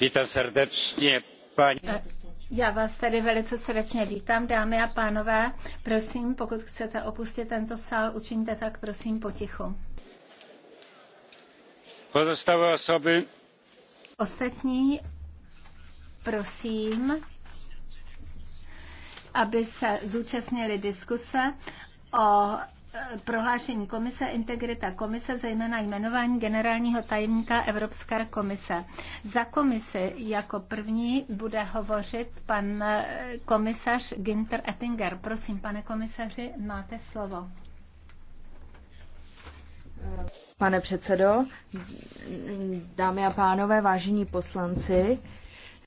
Vítám paní. Eh, já vás tady velice srdečně vítám, dámy a pánové. Prosím, pokud chcete opustit tento sál, učiňte tak prosím potichu. Pozostałe osoby. Ostatní, prosím, aby se zúčastnili diskuse o prohlášení komise, integrita komise, zejména jmenování generálního tajemníka Evropské komise. Za komisi jako první bude hovořit pan eh, komisař Ginter Ettinger. Prosím, pane komisaři, máte slovo. Pane předsedo, dámy a pánové, vážení poslanci,